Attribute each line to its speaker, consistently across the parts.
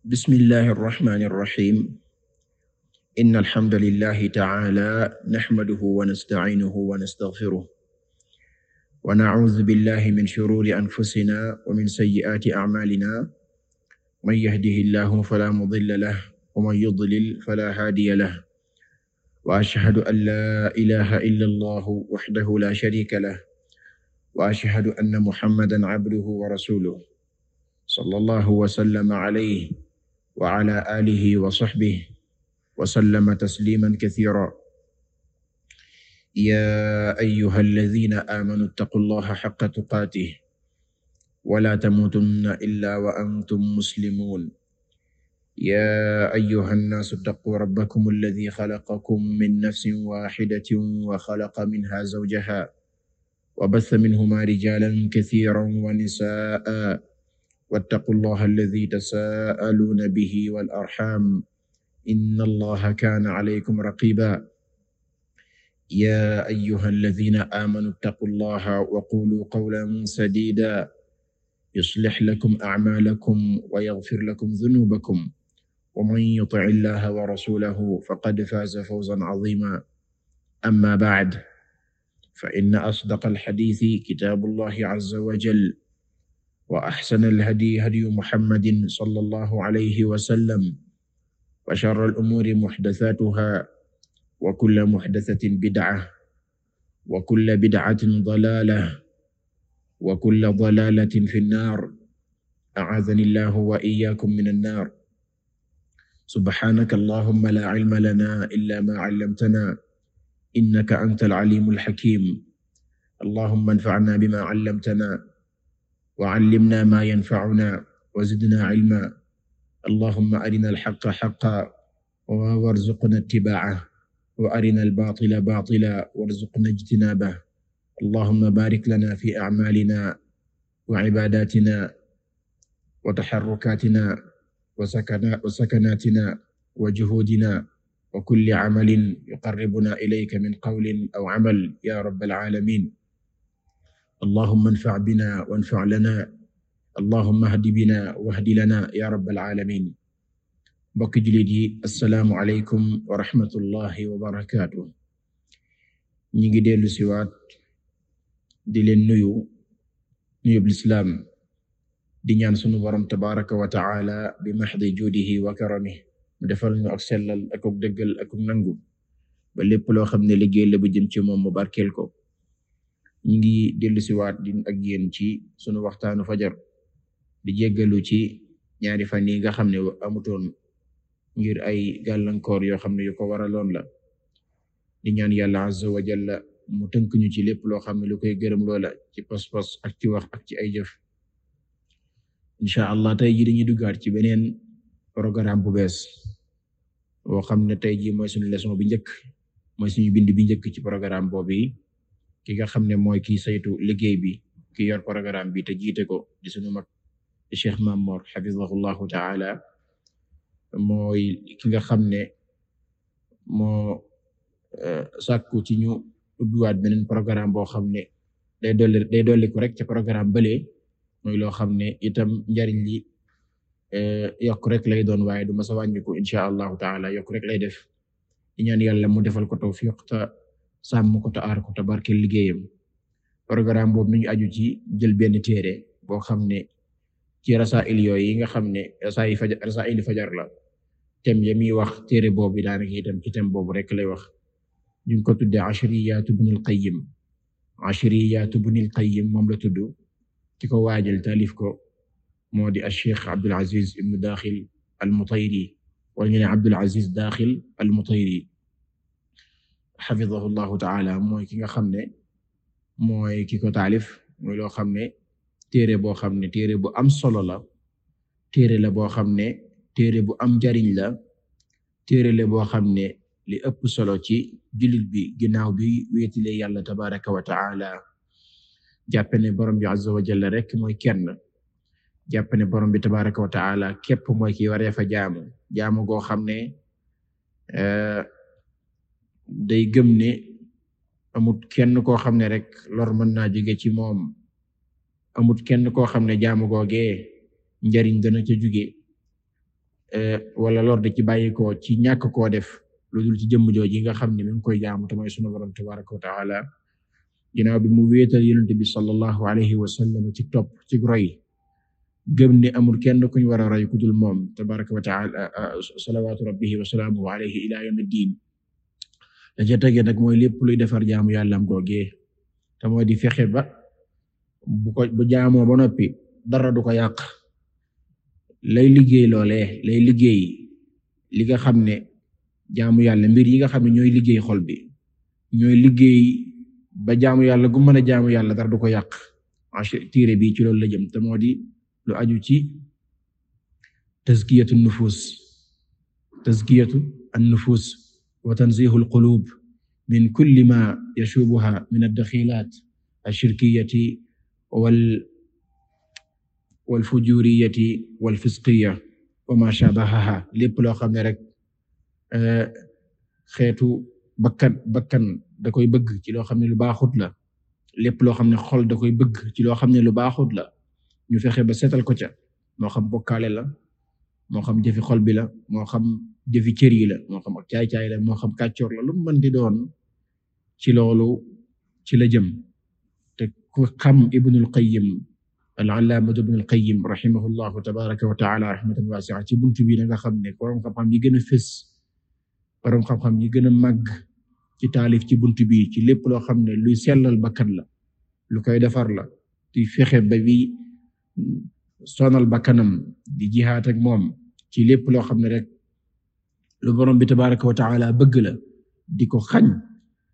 Speaker 1: bismillahi arrahmani irrahim in alhamda lillahi taala naxmaduhu wa nastaciinuhu wa nastaxfiruh wa nacuudu billahi min shuruuri anfusina wa min sayyiaati acmaalina man yahdihi llahu fala mudilla lah wa man yudlil fala haadiya lah wa ashhadu an laa ilaaha illa allahu waxdahu laa shariika lah wa ashhadu anna muhammadan cabduhu wa rasuluhu sallallahu wa sallama calayhi wa ala alihi wa sahbihi wa sallama tasliman kathira ya ayyuha alladhina amanu ittaqullaha haqqa tuqatih wa la tamutunna illa wa antum muslimun يا أيها الناس اتقوا ربكم الذي خلقكم من نفس واحدة وخلق منها زوجها وبث منهما رجالا كثيرا ونساء wattaqullaha alladi tasaaluuna bihi wal arxam inna allaha kaana alaykum raqiba yaa ayyuha alladiina aamanuu ittaqullaha wa quuluu qawlan sadiidan yuslih lakum acmaalakum wa yaghfir lakum dunuubakum wa man yuti' llaaha wa rasuulahu faqad faaza fawzan caziiman ammaa bacd fa inna asdaqal hadiisi kitaabullaahi cazza wa jalla وأحسن الهدي هدي محمد صلى الله عليه وسلم وشر الأمور محدثاتها وكل محدثة بدعة وكل بدعة ضلالة وكل ضلالة في النار أعاذني الله وإياكم من النار سبحانك اللهم لا علم لنا إلا ما علمتنا إنك أنت العليم الحكيم اللهم انفعنا بما علمتنا وعلمنا ما ينفعنا وزدنا علما اللهم أرنا الحق حقا وارزقنا اتباعه وأرنا الباطل باطلا وارزقنا اجتنابه اللهم بارك لنا في أعمالنا وعباداتنا وتحركاتنا وسكناتنا وجهودنا وكل عمل يقربنا إليك من قول أو عمل يا رب العالمين allahumma anfa' bina wanfa' lana allahumma hdi bina wahdi lana ya rabbal alamin mbokki jullit yi assalaamu aleykum wa rahmatullahi wa barakaatu ñi ngi dellu siwaat di leen nuyu nuyub lislaam di ñaan sunu borom tabaraka wa taala bi maxdi juudihi wa karamihi mu defal ñu sellal ak dëggal ak nangu ba lépp loo xam ne liggéey la bu jëm ci moom mu barkel ko ñi ngi dellusiwaat din ak yéen ci sunu waxtaanu fajar di jéggalu ci ñaari fan yi nga xam ne amutoon ngir ay gàllankoor yoo xam ne yu ko waraloon la di ñaan yàlla azza wa mu tënk ñu ci lépp loo xam ne lu koy gërëm loola ci pas-pas ak ci wax ak ci ay jëf incha allah tey jii dañuy duggaat ci beneen programme bu bees boo xam ne tey jii mooy suñu leçon bi njëkk mooy suñu bind bi njëkk ci programme boobu ki nga xam ne mooy ki saytu liggéey bi ki yor programme bi te jiite ko di suñu mag Cheikh Mamor xafizahullahu taala mooy ki nga xam ne moo euh, sàkku ci ñu ubbiwaat beneen programme boo xam ne day dolli day dolli ko rek ca programme bale mooy loo xam ne itam njariñ li euh, yokk rek lay doon waaye duma ma sa wàññi ko incha allahu taala yokk rek lay def ñaan yàlla mu defal ko tawfiq sàmm ko te aar ko te barkeel liggéeyam programme boobu mi ngi aju ci jël benn téere boo xam ne ci rasail yooyu yi nga xam ne rasail fajar rasail fajar la tem ya miy wax téere boobu daanaka itam ci tem boobu rek lay wax ñu ngi ko tudde ashriyat ibn al-qayyim ashriyat ibn qayyim moom la tudd ci ko waajal taalif ko moo di al-cheikh abdul aziz ibn wala ñu ne abdul aziz xafidahu llahu taala mooy ki nga xam ne mooy ki taalif mooy loo xam ne téere boo xam ne téere bu am solo la téere la boo xam ne téere bu am jariñ la téere la boo xam ne li ëpp solo ci jullit bi ginnaaw bi wéetile yàlla tabaraka wa taala jàppe ne borom bi azza wa rek mooy kenn jàpp ne borom bi tabaraka wa taala képp mooy ki waree fa jaamu jaamu goo xam ne eh, day gëm ne amut kenn koo xam ne rek lor mën naa jóge ci moom amut kenn koo xam ne jaamu googee njariñ dana ca jóge eh, wala lor di ci bàyyikoo ci ñàkk koo def lu dul ci jëmm jooji nga xam ne mi koy jaamu ta mooy sunu borom tabaraka wa taala ginnaaw bi mu wéetal yonent bi sallallahu alayhi wa sallam ci topp ci roy gëm ne amul kenn kuñ war a roy ku dul moom tabaraka wa taala eh, salawatu rabbihi wa salaamuhu alayhi ila yawmi diin da nag mooy lépp luy defar jaamu yàllaam googee te moo di fexe ba bu ko bu jaamoo ba noppi dara du ko yàq lay liggéey loolee lay liggéey li nga xam ne jaamu yàlla mbir yi nga xam ne ñooy liggéey xol bi ñooy liggéey ba jaamu yàlla gu mën a jaamu yàlla dara du ko yàq téere bi ci loolu la jëm te moo di lu aju ci tazkiyatu nufus tazkiyatu an nufus wa tanzihu alqulub min kulli ma yashubuha min addaxilat alshirkiyati wal walfujuriyati walfisqiya wa ma shabahaha lépp loo xam ne rek euh, xeetu bakkan bakkan da koy bëgg ci loo xam ne lu baaxut la lépp loo xam ne xol da koy bëgg ci loo xam ne lu baaxut la ñu fexe ba seetal ko ca moo xam bokkaale la moo xam jëfi xol bi moo xam jëfi cër yi la moo xam ak caay-caay la moo xam kàccoor la lu mën di doon ci loolu ci la jëm te ku xam ibnul qayyim al-allaama ibnul qayyim rahimahullahu tabaraka wa taala rahmatan waasi'a ci buntu bi na nga xam ne borom xam-xam yi gën a fës borom xam-xam yi gën a màgg ci taalif ci buntu bi ci lépp loo xam ne luy sellal bakkan la lu koy defar la di fexe ba bi sonal bakkanam di jihaat ak moom ci lépp loo xam ne rek lu borom bi tabaraka wa taala bëgg la di ko xañ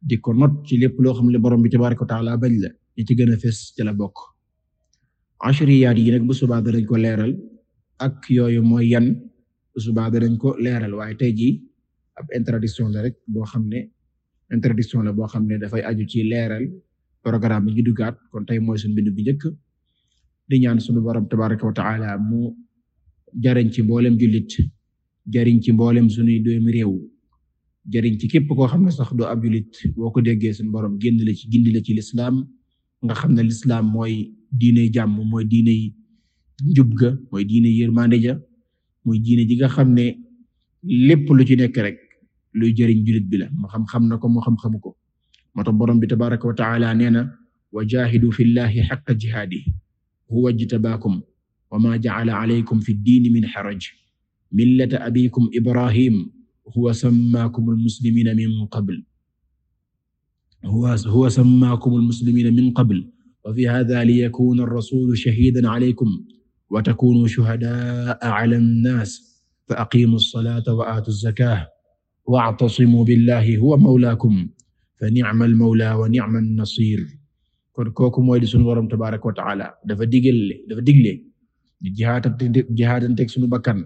Speaker 1: di ko not ci lépp loo xam ne borom bi tabaraka wa taala bañ la li ci gën a fes ci la bokk ashriyaat yi nag bu subaa danañ ko leeral ak yooyu mooy yan bu subaa ko leeral waaye tey jii ab introduction la rek boo xam ne introduction la boo xam ne dafay aju ci leeral programme bi ñu kon tey mooy suñu bindu bi njëkk di ñaan sunu borom tabaraka wa taala mu jariñ ci mboolem jullit jariñ ci mboolem sunuy doomi réew jariñ ci képp koo xam ne sax doo ab julit boo ko déggee suñu borom génn la ci gindi la ci lislaam nga xam ne lislaam mooy diine jàmm mooy diine njub ga mooy diine yërmande ja mooy diine ji nga xam ne lépp lu ci nekk rek luy jariñ julit bi la moo xam-xam na ko moo xam-xamu ko moo tax borom bi tabaraka wa taala nee na wa jahidu fi llahi xaqa jihaadi huwa jtabaakum wa ma ja'ala alaykum fi ddiini min xaraj millata abikum ibrahim huwa sammaakum almuslimiina min qabl huwa sammaakum almuslimiina min qabl wa fi haaza liyakuuna arrasuulu shahiidan alaykum wa takuunuu shuhadaa'a ala annaas fa aqiimuu as-salaata wa aatuu az-zakaata wa'tasimuu billaahi huwa mawlaakum fa ni'ma al-mawlaa wa ni'ma an-nasiir kon kooku mooy di sunu Boroom tabaaraka wa ta'aala dafa digle dafa digle jihaadante ak sunu bakkan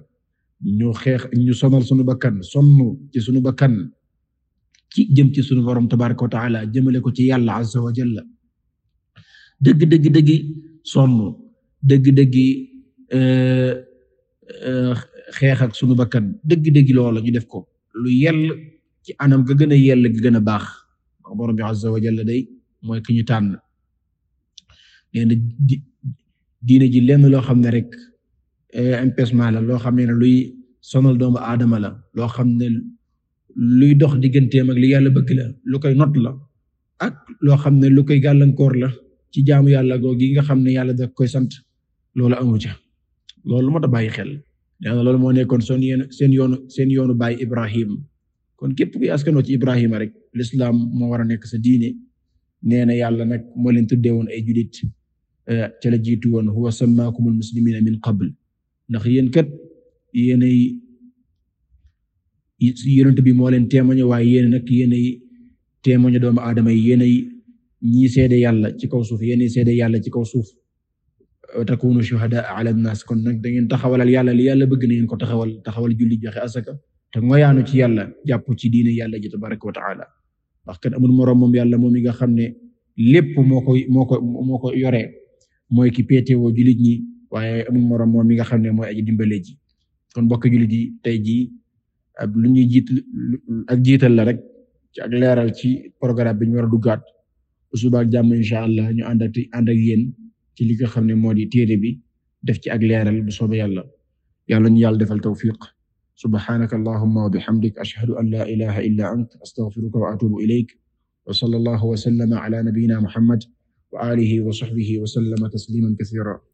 Speaker 1: ñu xeex ñu sonal sunu bakkan sonn ci sunu bakkan ci jëm ci sunu borom tabaraka wa taala jëmale ko ci yàlla azza wa jalla dëgg dëgg dëggi sonn dëgg dëggi euh, euh, xeex ak sunu bakkan dëgg dëggi loola ñu def ko lu yell ci anam ga gën a yell ga gën a baax wax borom bi azza wa jalla day mooy ki ñu tànn nee na diine ji lenn loo xam ne rek empêchement la loo xam ne luy sonal doomu aadama la loo xam ne luy dox digganteem ak li yàlla bëgg la lu koy not la ak loo xam ne lu koy gàllankoor la ci jaamu yàlla googu yi nga xam ne yàlla da koy sant loolu amu ca loolu moo tax bàyyi xel yàlla loolu moo nekkoon seen yoonu seen yoonu seen yoonu baay Ibrahim kon képp kuy askanoo ci Ibrahima rek l'islam moo war a nekk sa diine nee na yàlla nag moo leen tuddee woon ay julit eh, ca la jiitu woon huwa sammaakumul muslimina min qabl ndax yéen kat yéenay yonent bi moo leen témoñe waaye yéen nag yéenay témoñe doomu aadama yi yéenay ñi seede yàlla ci kaw suuf yéenay seede yàlla ci kaw suuf takunu shuhada ala nas kon nag da ngeen taxawalal yàlla li yàlla bëgg na ngeen ko taxawal taxawal julli joxe asaka te ngoyaanu ci yàlla jàpp ci diine yàlla ji tabaraka wa taala ndax kat amul moroom moom yàlla moom mi nga xam ne lépp moo ko moo ko moo ko yore mooy ki péetewoo jullit ñi waaye amul moom mi nga xam ne mooy aji dimbale ji kon bokk jullit yi tey jii lu ñuy jiit ak jiital la rek ci ak leeral ci programme bi ñu war a duggaat suba ak jàmm incha allah ñu ànd ak ànd ci li nga xam ne moo di téere bi def ci ak leeral bu soobee yàlla yàlla ñu yàlla defal tawfiq subhanaka allahumma wa bihamdik ashhadu an la ilaha illa ant astaghfiruka wa atubu ilayk wa sallallahu wa sallama ala nabiyyina muhammad wa alihi wa sahbihi wa sallama tasliman kathira